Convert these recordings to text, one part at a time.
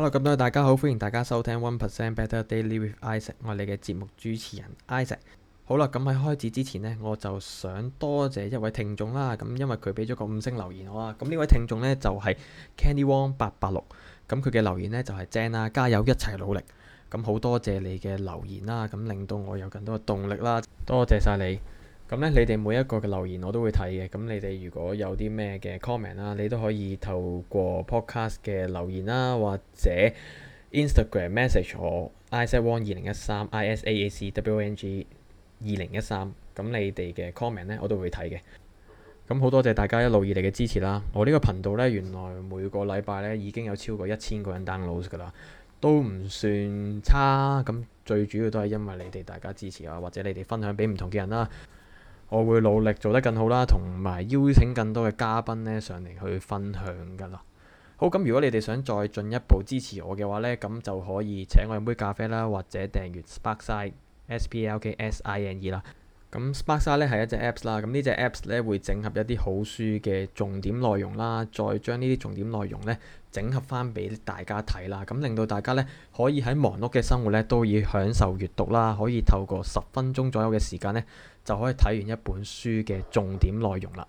Hello 咁多位大家好，歡迎大家收聽 One Percent Better Daily with Isaac，我係你嘅節目主持人 Isaac 好。好啦，咁喺開始之前呢，我就想多謝一位聽眾啦。咁因為佢俾咗個五星留言我啊，咁呢位聽眾呢就係 Candy Wong 八八六，咁佢嘅留言呢就係正啦，加油，一齊努力。咁好多謝你嘅留言啦，咁令到我有更多嘅動力啦。多謝晒你。咁呢，你哋每一個嘅留言我都會睇嘅。咁你哋如果有啲咩嘅 comment 啦，你都可以透過 podcast 嘅留言啦、啊，或者 Instagram message 我 isa12013isaacwng2013。咁 IS 你哋嘅 comment 呢，我都會睇嘅。咁好多謝大家一路以嚟嘅支持啦、啊。我呢個頻道呢，原來每個禮拜呢已經有超過一千個人 download 㗎啦，都唔算差。咁最主要都係因為你哋大家支持啊，或者你哋分享俾唔同嘅人啦、啊。我會努力做得更好啦，同埋邀請更多嘅嘉賓咧上嚟去分享噶啦。好，咁如果你哋想再進一步支持我嘅話呢，咁就可以請我飲杯咖啡啦，或者訂閱 Sparksine S P L K S I N E 啦。咁 Sparksa 咧係一隻 Apps 啦，咁呢隻 Apps 咧會整合一啲好書嘅重點內容啦，再將呢啲重點內容咧整合翻俾大家睇啦，咁令到大家咧可以喺忙碌嘅生活咧都以享受閱讀啦，可以透過十分鐘左右嘅時間咧就可以睇完一本書嘅重點內容啦。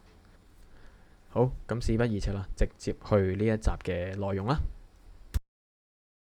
好，咁事不宜遲啦，直接去呢一集嘅內容啦。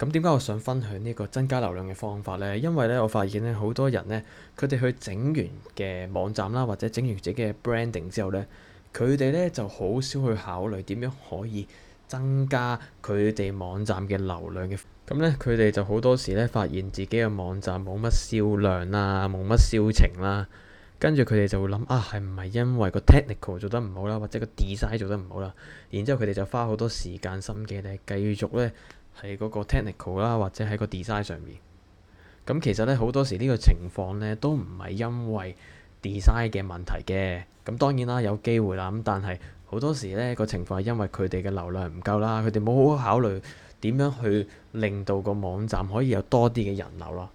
咁點解我想分享呢個增加流量嘅方法呢？因為呢，我發現呢好多人呢，佢哋去整完嘅網站啦，或者整完自己嘅 branding 之後呢，佢哋呢就好少去考慮點樣可以增加佢哋網站嘅流量嘅。咁呢，佢哋就好多時呢，發現自己嘅網站冇乜銷量啦，冇乜銷情啦，跟住佢哋就會諗啊，係唔係因為個 technical 做得唔好啦，或者個 design 做得唔好啦？然之後佢哋就花好多時間心機呢，繼續呢。喺嗰個 technical 啦，或者喺個 design 上面。咁其實呢，好多時呢個情況呢都唔係因為 design 嘅問題嘅，咁當然啦有機會啦，咁但係好多時呢個情況係因為佢哋嘅流量唔夠啦，佢哋冇好考慮點樣去令到個網站可以有多啲嘅人流咯。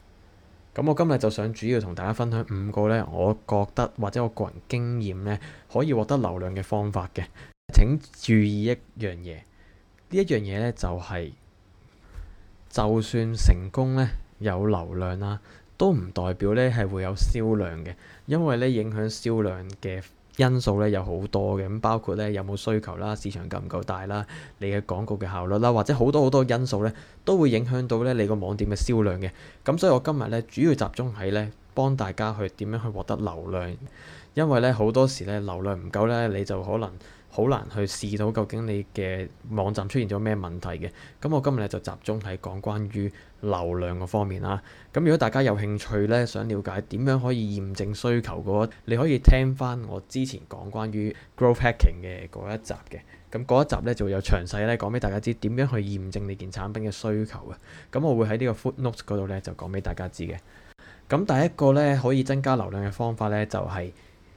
咁我今日就想主要同大家分享五個呢，我覺得或者我個人經驗呢，可以獲得流量嘅方法嘅。請注意一樣嘢，呢一樣嘢呢就係、是。就算成功咧有流量啦，都唔代表咧係會有銷量嘅，因為咧影響銷量嘅因素咧有好多嘅，咁包括咧有冇需求啦、市場夠唔夠大啦、你嘅廣告嘅效率啦，或者好多好多因素咧都會影響到咧你個網店嘅銷量嘅。咁所以我今日咧主要集中喺咧幫大家去點樣去獲得流量，因為咧好多時咧流量唔夠咧你就可能。好難去試到究竟你嘅網站出現咗咩問題嘅，咁我今日咧就集中係講關於流量個方面啦。咁如果大家有興趣咧，想了解點樣可以驗證需求嘅話，你可以聽翻我之前講關於 growth hacking 嘅嗰一集嘅。咁嗰一集咧就會有詳細咧講俾大家知點樣去驗證你件產品嘅需求嘅。咁我會喺呢個 footnotes 嗰度咧就講俾大家知嘅。咁第一個咧可以增加流量嘅方法咧就係。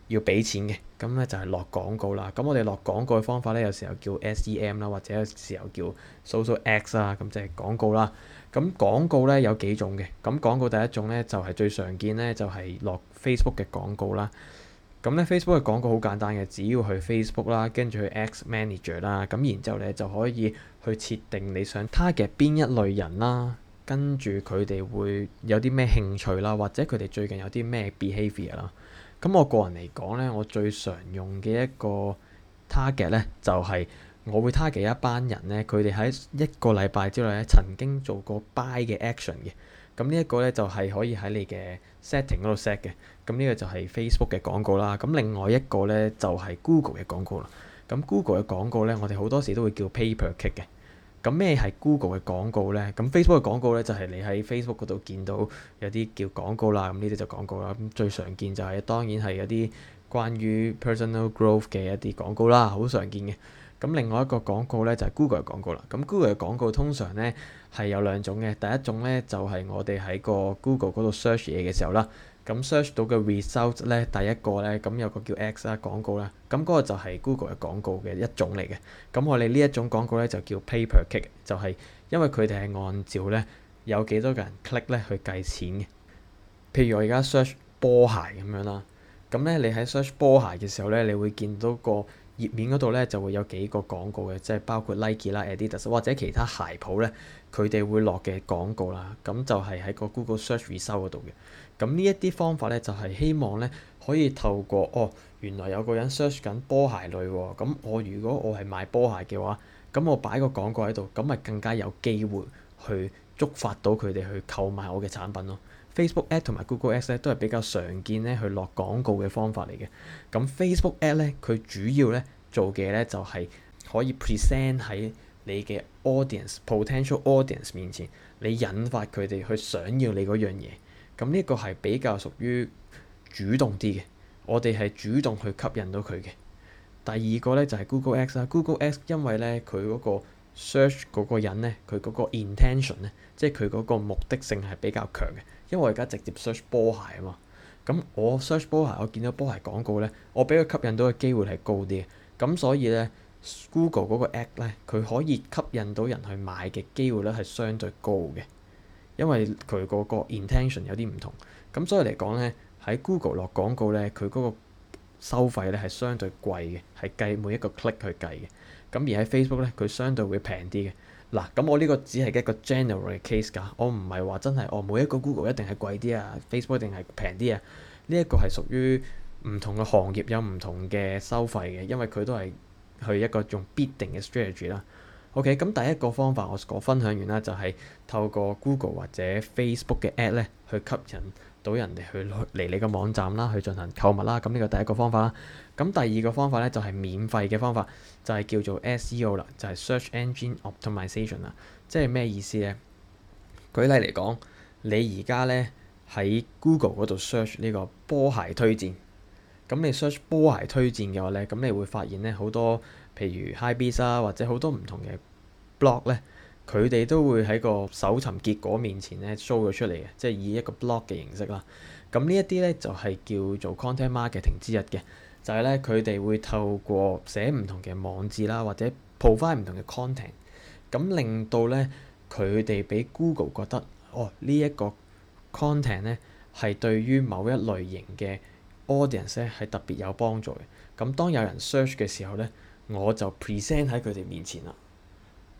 要俾錢嘅，咁咧就係落廣告啦。咁我哋落廣告嘅方法咧，有時候叫 SEM 啦，或者有時候叫 Social Ads 啦，咁即係廣告啦。咁廣告咧有幾種嘅。咁廣告第一種咧就係最常見咧，就係落 Facebook 嘅廣告啦。咁咧 Facebook 嘅廣告好簡單嘅，只要去 Facebook 啦，跟住去 Ads Manager 啦，咁然之後咧就可以去設定你想 target 邊一類人啦，跟住佢哋會有啲咩興趣啦，或者佢哋最近有啲咩 behaviour 啦。咁我個人嚟講咧，我最常用嘅一個 target 咧，就係我會 target 一班人咧，佢哋喺一個禮拜之內咧曾經做過 buy 嘅 action 嘅。咁呢一個咧就係可以喺你嘅 setting 嗰度 set 嘅。咁呢個就係 Facebook 嘅廣告啦。咁另外一個咧就係 Google 嘅廣告啦。咁 Google 嘅廣告咧，我哋好多時都會叫 pay per click 嘅。咁咩係 Google 嘅廣告呢？咁 Facebook 嘅廣告呢，就係你喺 Facebook 嗰度見到有啲叫廣告啦，咁呢啲就廣告啦。咁最常見就係當然係有啲關於 personal growth 嘅一啲廣告啦，好常見嘅。咁另外一個廣告呢，就係 Google 嘅廣告啦。咁 Google 嘅廣告通常呢，係有兩種嘅，第一種呢，就係我哋喺個 Google 嗰度 search 嘢嘅時候啦。咁 search 到嘅 result 咧，第一個咧，咁有個叫 ads 啦廣告啦，咁嗰個就係 Google 嘅廣告嘅一種嚟嘅。咁我哋呢一種廣告咧就叫 pay per click，就係因為佢哋係按照咧有幾多個人 click 咧去計錢嘅。譬如我而家 search 波鞋咁樣啦，咁咧你喺 search 波鞋嘅時候咧，你會見到個。頁面嗰度咧就會有幾個廣告嘅，即係包括 Nike 啦、Adidas 或者其他鞋鋪咧，佢哋會落嘅廣告啦。咁就係喺個 Google Search result 嗰度嘅。咁呢一啲方法咧就係、是、希望咧可以透過哦，原來有個人 search 緊波鞋類，咁我如果我係賣波鞋嘅話，咁我擺個廣告喺度，咁咪更加有機會去觸發到佢哋去購買我嘅產品咯。Facebook Ads 同埋 Google Ads 咧都係比較常見咧去落廣告嘅方法嚟嘅。咁 Facebook Ads 咧佢主要咧做嘅咧就係、是、可以 present 喺你嘅 audience、potential audience 面前，你引發佢哋去想要你嗰樣嘢。咁呢個係比較屬於主動啲嘅，我哋係主動去吸引到佢嘅。第二個咧就係、是、Google Ads 啦，Google Ads 因為咧佢嗰個。search 嗰個人咧，佢嗰個 intention 咧，即係佢嗰個目的性係比較強嘅。因為我而家直接 search 波鞋啊嘛，咁我 search 波鞋，我見到波鞋廣告咧，我俾佢吸引到嘅機會係高啲嘅。咁所以咧，Google 嗰個 app 咧，佢可以吸引到人去買嘅機會咧係相對高嘅，因為佢嗰個 intention 有啲唔同。咁所以嚟講咧，喺 Google 落廣告咧，佢嗰個收費咧係相對貴嘅，係計每一個 click 去計嘅。咁而喺 Facebook 咧，佢相對會平啲嘅。嗱，咁我呢個只係一個 general 嘅 case 噶，我唔係話真係哦，每一個 Google 一定係貴啲啊，Facebook 一定係平啲啊。呢一、啊，這個係屬於唔同嘅行業，有唔同嘅收費嘅，因為佢都係去一個用 bid 定嘅 strategy 啦。OK，咁第一個方法我分享完啦，就係、是、透過 Google 或者 Facebook 嘅 a p p 咧去吸引到人哋去嚟你個網站啦，去進行購物啦，咁呢個第一個方法啦。咁第二個方法咧就係免費嘅方法，就係叫做 SEO 啦，就係 Search Engine Optimization 啦。即係咩意思咧？舉例嚟講，你而家咧喺 Google 嗰度 search 呢個波鞋推薦，咁你 search 波鞋推薦嘅話咧，咁你會發現咧好多譬如 HiBis 啊，或者好多唔同嘅 blog 咧。佢哋都會喺個搜尋結果面前咧 show 咗出嚟嘅，即係以一個 blog 嘅形式啦。咁呢一啲咧就係、是、叫做 content marketing 之一嘅，就係咧佢哋會透過寫唔同嘅網誌啦，或者 provide 唔同嘅 content，咁令到咧佢哋俾 Google 覺得，哦呢一、這個 content 咧係對於某一類型嘅 audience 咧係特別有幫助嘅。咁當有人 search 嘅時候咧，我就 present 喺佢哋面前啦。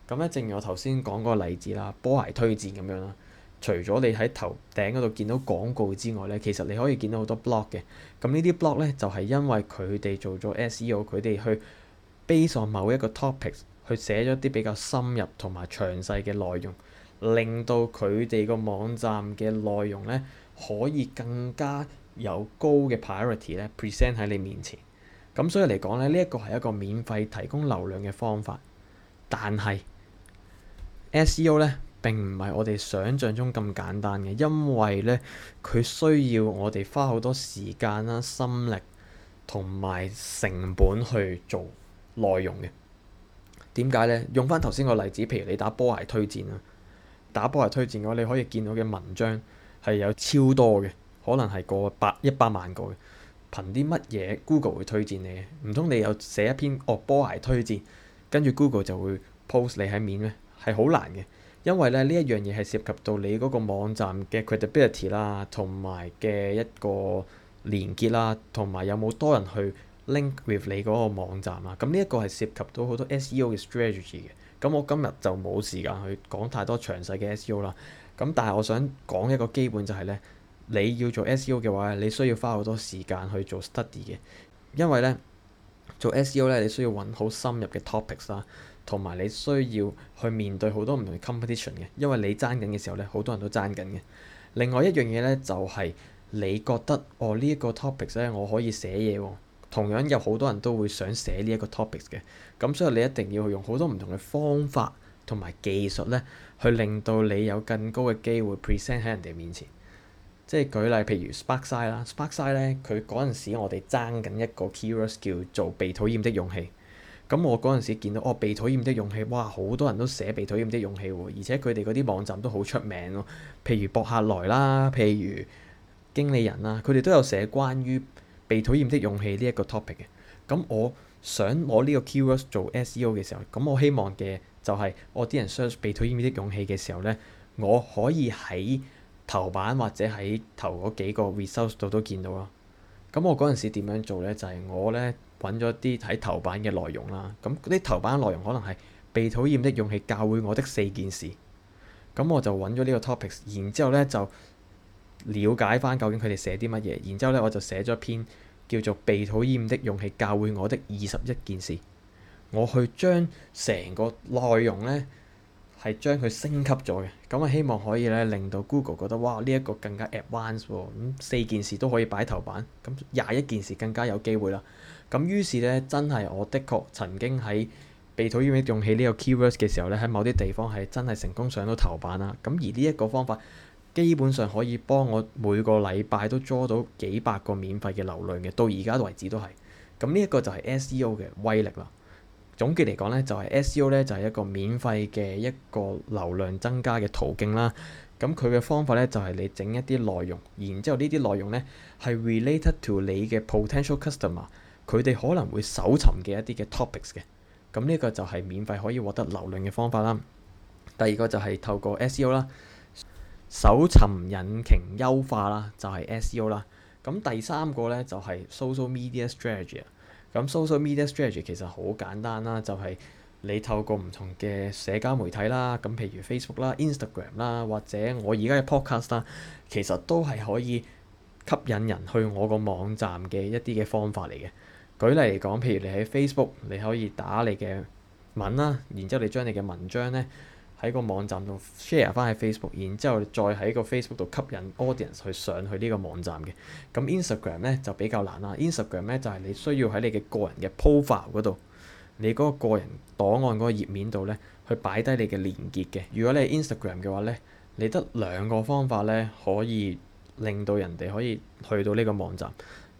咁咧，正如我頭先講嗰個例子啦，波鞋推薦咁樣啦。除咗你喺頭頂嗰度見到廣告之外咧，其實你可以見到好多 blog 嘅。咁呢啲 blog 咧就係因為佢哋做咗 SEO，佢哋去 base on 某一個 topic 去寫咗啲比較深入同埋詳細嘅內容，令到佢哋個網站嘅內容咧可以更加有高嘅 priority 咧 present 喺你面前。咁所以嚟講咧，呢一個係一個免費提供流量嘅方法，但係。SEO 咧並唔係我哋想象中咁簡單嘅，因為咧佢需要我哋花好多時間啦、心力同埋成本去做內容嘅。點解咧？用翻頭先個例子，譬如你打波鞋推薦啊。打波鞋推薦嘅話，你可以見到嘅文章係有超多嘅，可能係過百一百萬個嘅。憑啲乜嘢 Google 會推薦你？唔通你有寫一篇哦波鞋推薦，跟住 Google 就會 post 你喺面咩？係好難嘅，因為咧呢一樣嘢係涉及到你嗰個網站嘅 credibility 啦，同埋嘅一個連結啦，同埋有冇多人去 link with 你嗰個網站啦、啊。咁呢一個係涉及到好多 SEO 嘅 strategy 嘅。咁我今日就冇時間去講太多詳細嘅 SEO 啦。咁但係我想講一個基本就係咧，你要做 SEO 嘅話，你需要花好多時間去做 study 嘅，因為呢做 SEO 咧你需要揾好深入嘅 topics 啦。同埋你需要去面對好多唔同嘅 competition 嘅，因為你爭緊嘅時候咧，好多人都爭緊嘅。另外一樣嘢咧，就係你覺得哦呢一個 topic 咧，我可以寫嘢喎。同樣有好多人都會想寫呢一個 topic 嘅。咁所以你一定要用好多唔同嘅方法同埋技術咧，去令到你有更高嘅機會 present 喺人哋面前。即係舉例，譬如 Sparkside 啦，Sparkside 咧，佢嗰陣時我哋爭緊一個 keywords 叫做被討厭的勇氣。咁我嗰陣時見到哦，被討厭的勇氣，哇，好多人都寫被討厭的勇氣喎，而且佢哋嗰啲網站都好出名咯，譬如博客來啦，譬如經理人啦，佢哋都有寫關於被討厭的勇氣呢一個 topic 嘅。咁我想攞呢個 keywords 做 SEO 嘅時候，咁我希望嘅就係我啲人 search 被討厭的勇氣嘅時候咧，我可以喺頭版或者喺頭嗰幾個 resource 度都見到咯。咁我嗰陣時點樣做咧？就係我咧。揾咗啲睇頭版嘅內容啦，咁啲頭版內容可能係被討厭的勇氣教會我的四件事。咁我就揾咗呢個 topics，然之後呢就了解翻究竟佢哋寫啲乜嘢。然之後呢，我就寫咗篇叫做《被討厭的勇氣教會我的二十一件事》。我去將成個內容呢係將佢升級咗嘅，咁啊希望可以呢令到 Google 覺得哇，呢一個更加 advance，咁四件事都可以擺頭版，咁廿一件事更加有機會啦。咁於是咧，真係我的確曾經喺被土於用起呢個 keywords 嘅時候咧，喺某啲地方係真係成功上到頭版啦。咁而呢一個方法基本上可以幫我每個禮拜都抓到幾百個免費嘅流量嘅，到而家都為止都係。咁呢一個就係 SEO 嘅威力啦。總結嚟講咧，就係 SEO 咧就係一個免費嘅一個流量增加嘅途徑啦。咁佢嘅方法咧就係你整一啲內容，然之後呢啲內容咧係 related to 你嘅 potential customer。佢哋可能會搜尋嘅一啲嘅 topics 嘅，咁呢個就係免費可以獲得流量嘅方法啦。第二個就係透過 SEO 啦，搜尋引擎優化啦，就係 SEO 啦。咁第三個呢，就係 social media strategy。咁 social media strategy 其實好簡單啦，就係你透過唔同嘅社交媒體啦，咁譬如 Facebook 啦、Instagram 啦，或者我而家嘅 Podcast 啦，其實都係可以吸引人去我個網站嘅一啲嘅方法嚟嘅。舉例嚟講，譬如你喺 Facebook，你可以打你嘅文啦，然之後你將你嘅文章咧喺個網站度 share 翻喺 Facebook，然之後再喺個 Facebook 度吸引 audience 去上去呢個網站嘅。咁 Instagram 咧就比較難啦。Instagram 咧就係你需要喺你嘅個人嘅 profile 嗰度，你嗰個個人檔案嗰個頁面度咧去擺低你嘅連結嘅。如果你係 Instagram 嘅話咧，你得兩個方法咧可以令到人哋可以去到呢個網站。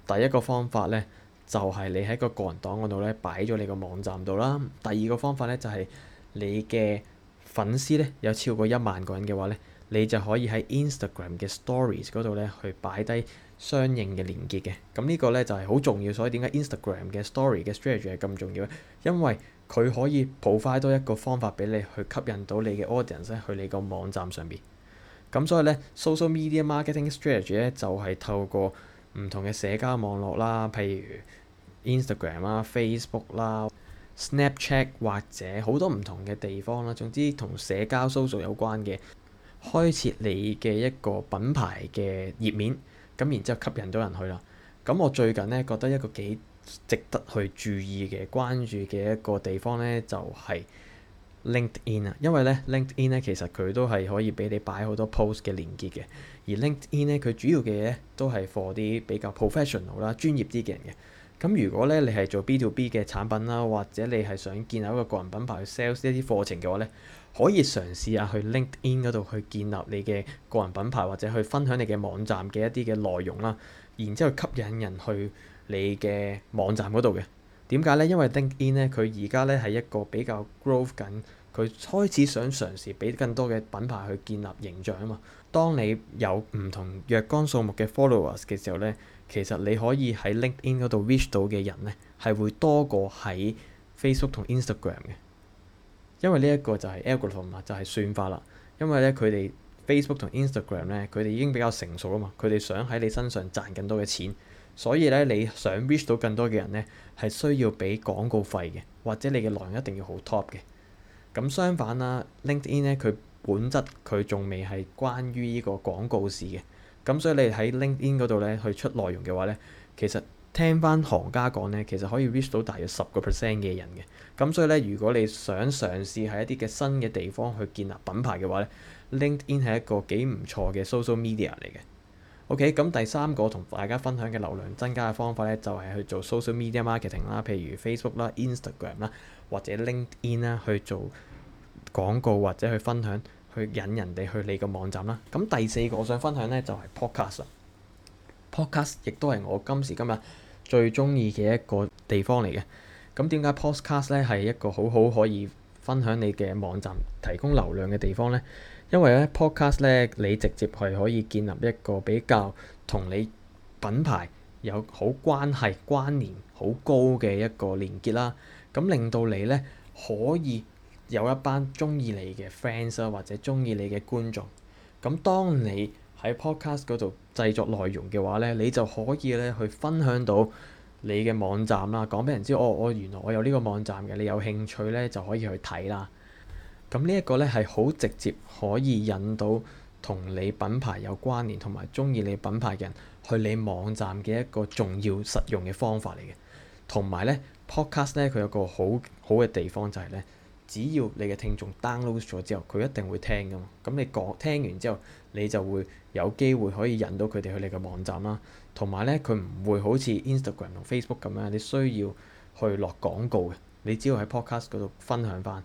第一個方法咧。就係你喺個個人檔嗰度咧擺咗你個網站度啦。第二個方法咧就係、是、你嘅粉絲咧有超過一萬個人嘅話咧，你就可以喺 Instagram 嘅 Stories 嗰度咧去擺低相應嘅連結嘅。咁、嗯這個、呢個咧就係、是、好重要，所以點解 Instagram 嘅 Story 嘅 Strategy 係咁重要咧？因為佢可以 provide 多一個方法俾你去吸引到你嘅 Audience 咧去你個網站上邊。咁、嗯、所以咧 Social Media Marketing Strategy 咧就係、是、透過唔同嘅社交網絡啦，譬如 Instagram 啦、Facebook 啦、Snapchat 或者好多唔同嘅地方啦，總之同社交搜索有關嘅，開設你嘅一個品牌嘅頁面，咁然之後吸引到人去啦。咁我最近呢，覺得一個幾值得去注意嘅關注嘅一個地方呢，就係 LinkedIn 啊，因為呢 LinkedIn 呢，其實佢都係可以俾你擺好多 post 嘅連結嘅。而 LinkedIn 咧，佢主要嘅嘢都係 for 啲比較 professional 啦、專業啲嘅人嘅。咁如果咧你係做 B to B 嘅產品啦，或者你係想建立一個個人品牌去 sales 一啲課程嘅話咧，可以嘗試下去 LinkedIn 嗰度去建立你嘅個人品牌，或者去分享你嘅網站嘅一啲嘅內容啦，然之後吸引人去你嘅網站嗰度嘅。點解咧？因為 LinkedIn 咧，佢而家咧係一個比較 growth 緊。佢開始想嘗試俾更多嘅品牌去建立形象啊嘛。當你有唔同若干數目嘅 followers 嘅時候呢，其實你可以喺 LinkedIn 度 reach 到嘅人呢，係會多過喺 Facebook 同 Instagram 嘅，因為呢一個就係 algorithm 啊，就係算法啦。因為呢，佢哋 Facebook 同 Instagram 呢，佢哋已經比較成熟啊嘛。佢哋想喺你身上賺更多嘅錢，所以呢，你想 reach 到更多嘅人呢，係需要俾廣告費嘅，或者你嘅內容一定要好 top 嘅。咁相反啦，LinkedIn 咧，佢本質，佢仲未係關於呢個廣告市嘅，咁所以你喺 LinkedIn 嗰度咧去出內容嘅話咧，其實聽返行家講咧，其實可以 reach 到大約十個 percent 嘅人嘅，咁所以咧，如果你想嘗試喺一啲嘅新嘅地方去建立品牌嘅話咧，LinkedIn 係一個幾唔錯嘅 social media 嚟嘅。OK，咁第三個同大家分享嘅流量增加嘅方法咧，就係去做 social media marketing 啦，譬如 Facebook 啦、Instagram 啦。或者 LinkedIn 啦，去做廣告或者去分享，去引人哋去你個網站啦。咁第四個我想分享呢，就係 Podcast。Podcast 亦都係我今時今日最中意嘅一個地方嚟嘅。咁點解 Podcast 呢係一個好好可以分享你嘅網站提供流量嘅地方呢？因為呢 Podcast 呢，你直接係可以建立一個比較同你品牌有好關係、關聯好高嘅一個連結啦。咁令到你咧可以有一班中意你嘅 friends 啦，或者中意你嘅觀眾。咁當你喺 podcast 嗰度製作內容嘅話咧，你就可以咧去分享到你嘅網站啦，講俾人知，哦，我原來我有呢個網站嘅，你有興趣咧就可以去睇啦。咁呢一個咧係好直接可以引到同你品牌有關聯同埋中意你品牌嘅人去你網站嘅一個重要實用嘅方法嚟嘅，同埋咧。podcast 咧，佢有個好好嘅地方就係咧，只要你嘅聽眾 download 咗之後，佢一定會聽噶嘛。咁、嗯、你講聽完之後，你就會有機會可以引到佢哋去你嘅網站啦。同埋咧，佢唔會好似 Instagram 同 Facebook 咁樣，你需要去落廣告嘅。你只要喺 podcast 嗰度分享返。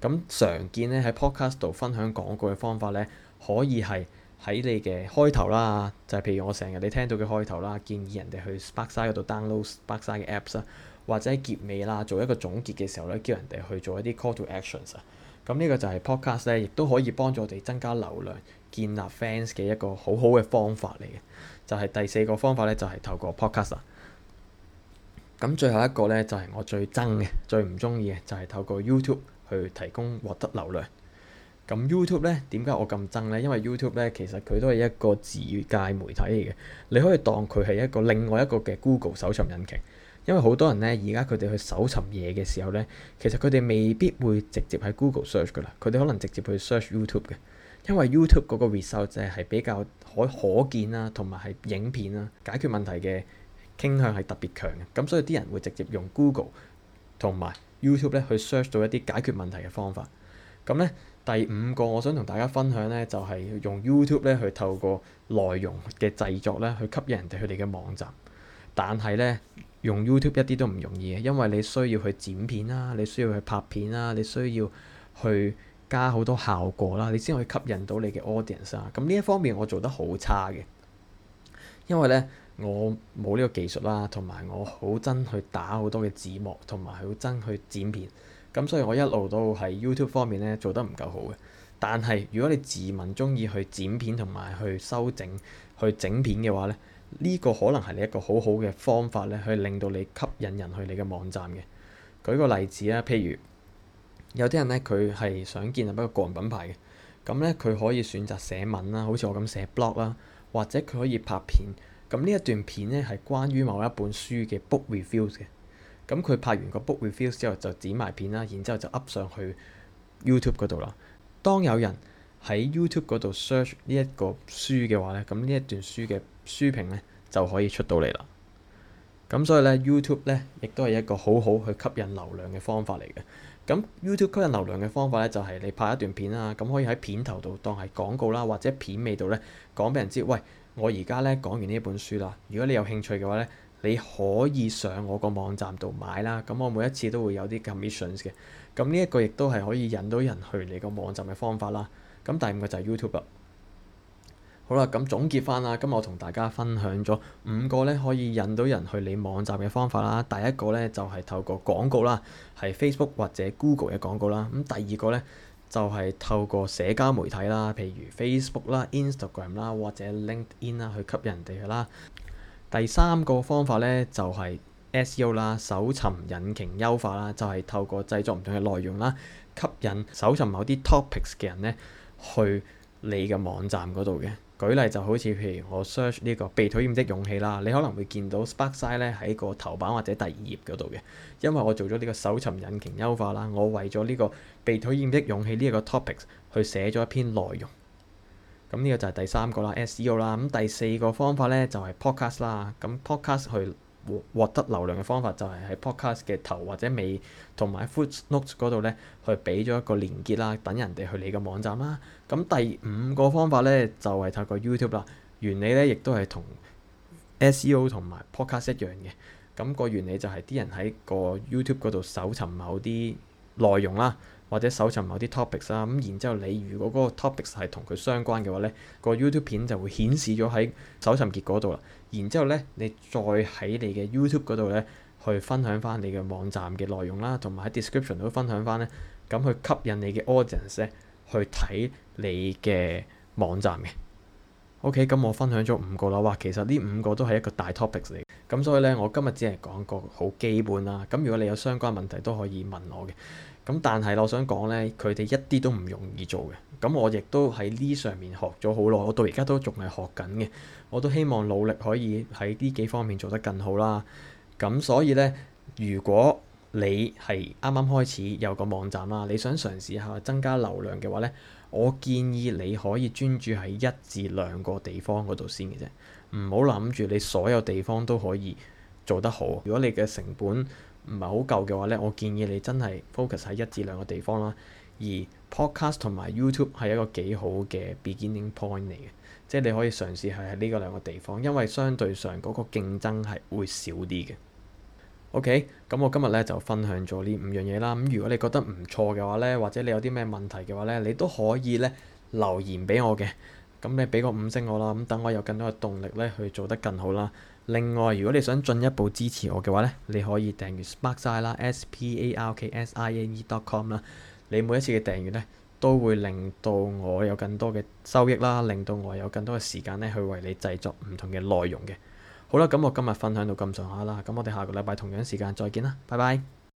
咁、嗯、常見咧喺 podcast 度分享廣告嘅方法咧，可以係喺你嘅開頭啦，就係、是、譬如我成日你聽到嘅開頭啦，建議人哋去 Spotify 嗰度 download Spotify 嘅 apps 啦。或者結尾啦，做一個總結嘅時候咧，叫人哋去做一啲 call to actions 啊。咁呢個就係 podcast 咧，亦都可以幫助我哋增加流量、建立 fans 嘅一個好好嘅方法嚟嘅。就係第四個方法咧，就係透過 podcast。咁最後一個咧，就係我最憎嘅、最唔中意嘅，就係透過 YouTube 去提供獲得流量。咁 YouTube 咧，點解我咁憎咧？因為 YouTube 咧，其實佢都係一個自界媒體嚟嘅，你可以當佢係一個另外一個嘅 Google 搜尋引擎。因為好多人呢，而家佢哋去搜尋嘢嘅時候呢，其實佢哋未必會直接喺 Google search 㗎喇，佢哋可能直接去 search YouTube 嘅，因為 YouTube 嗰個 result 就係比較可可見啦，同埋係影片啦，解決問題嘅傾向係特別強嘅，咁所以啲人會直接用 Google 同埋 YouTube 咧去 search 到一啲解決問題嘅方法。咁呢第五個我想同大家分享呢，就係、是、用 YouTube 咧去透過內容嘅製作咧，去吸引人哋佢哋嘅網站，但係呢。用 YouTube 一啲都唔容易嘅，因為你需要去剪片啦，你需要去拍片啦，你需要去加好多效果啦，你先可以吸引到你嘅 audience 啊。咁呢一方面我做得好差嘅，因為呢，我冇呢個技術啦，同埋我好憎去打好多嘅字幕，同埋好憎去剪片。咁所以我一路都喺 YouTube 方面呢做得唔夠好嘅。但係如果你自問鍾意去剪片同埋去修整、去整片嘅話呢。呢個可能係你一個好好嘅方法咧，去令到你吸引人去你嘅網站嘅。舉個例子啦，譬如有啲人咧，佢係想建立一個個人品牌嘅，咁咧佢可以選擇寫文啦，好似我咁寫 blog 啦，或者佢可以拍片。咁呢一段片咧係關於某一本書嘅 book review 嘅。咁佢拍完個 book review 之後就剪埋片啦，然之後就 up 上去 YouTube 嗰度啦。當有人喺 YouTube 嗰度 search 呢一個書嘅話咧，咁呢一段書嘅。書評咧就可以出到嚟啦，咁所以咧 YouTube 咧亦都係一個好好去吸引流量嘅方法嚟嘅。咁 YouTube 吸引流量嘅方法咧就係你拍一段片啦，咁可以喺片頭度當係廣告啦，或者片尾度咧講俾人知，喂，我而家咧講完呢一本書啦，如果你有興趣嘅話咧，你可以上我個網站度買啦。咁我每一次都會有啲 commission 嘅，咁呢一個亦都係可以引到人去你個網站嘅方法啦。咁第五個就係 YouTube 啦。好啦，咁總結翻啦，今日我同大家分享咗五個咧可以引到人去你網站嘅方法啦。第一個咧就係透過廣告啦，係 Facebook 或者 Google 嘅廣告啦。咁第二個咧就係透過社交媒體啦，譬如 Facebook 啦、Instagram 啦或者 LinkedIn 啦去吸引人哋去啦。第三個方法咧就係 SEO 啦，搜尋引擎優化啦，就係透過製作唔同嘅內容啦，吸引搜尋某啲 topics 嘅人咧去你嘅網站嗰度嘅。舉例就好似譬如我 search 呢個被討厭的勇氣啦，你可能會見到 Sparkside 咧喺個頭版或者第二頁嗰度嘅，因為我做咗呢個搜尋引擎優化啦，我為咗呢個被討厭的勇氣呢一個 topics 去寫咗一篇內容。咁呢個就係第三個啦，SEO 啦。咁第四個方法咧就係 podcast 啦，咁 podcast 去。獲得流量嘅方法就係喺 Podcast 嘅頭或者尾同埋 Footnotes 嗰度咧，去俾咗一個連結啦，等人哋去你嘅網站啦。咁第五個方法咧就係、是、透過 YouTube 啦，原理咧亦都係同 SEO 同埋 Podcast 一樣嘅。咁、那個原理就係啲人喺個 YouTube 嗰度搜尋某啲內容啦。或者搜尋某啲 topics 啦。咁然之後你如果嗰個 topics 係同佢相關嘅話呢，呢個 YouTube 片就會顯示咗喺搜尋結果度啦。然之後呢，你再喺你嘅 YouTube 嗰度呢，去分享翻你嘅網站嘅內容啦，同埋喺 description 度分享翻呢，咁去吸引你嘅 audience 咧去睇你嘅網站嘅。OK，咁我分享咗五個啦，哇，其實呢五個都係一個大 topics 嚟。咁所以呢，我今日只係講個好基本啦。咁如果你有相關問題都可以問我嘅。咁但係我想講呢，佢哋一啲都唔容易做嘅。咁我亦都喺呢上面學咗好耐，我到而家都仲係學緊嘅。我都希望努力可以喺呢幾方面做得更好啦。咁所以呢，如果你係啱啱開始有個網站啦，你想嘗試下增加流量嘅話呢，我建議你可以專注喺一至兩個地方嗰度先嘅啫，唔好諗住你所有地方都可以做得好。如果你嘅成本唔係好夠嘅話呢，我建議你真係 focus 喺一至兩個地方啦。而 podcast 同埋 YouTube 係一個幾好嘅 beginning point 嚟嘅，即係你可以嘗試係喺呢個兩個地方，因為相對上嗰個競爭係會少啲嘅。OK，咁我今日呢就分享咗呢五樣嘢啦。咁如果你覺得唔錯嘅話呢，或者你有啲咩問題嘅話呢，你都可以呢留言俾我嘅。咁你俾個五星我啦，咁等我有更多嘅動力呢去做得更好啦。另外，如果你想進一步支持我嘅話咧，你可以訂閱 Sparksine 啦，S P A R K S I N E dot com 啦。你每一次嘅訂閱咧，都會令到我有更多嘅收益啦，令到我有更多嘅時間咧去為你製作唔同嘅內容嘅。好啦，咁、嗯、我今日分享到咁上下啦，咁我哋下個禮拜同樣時間再見啦，拜拜。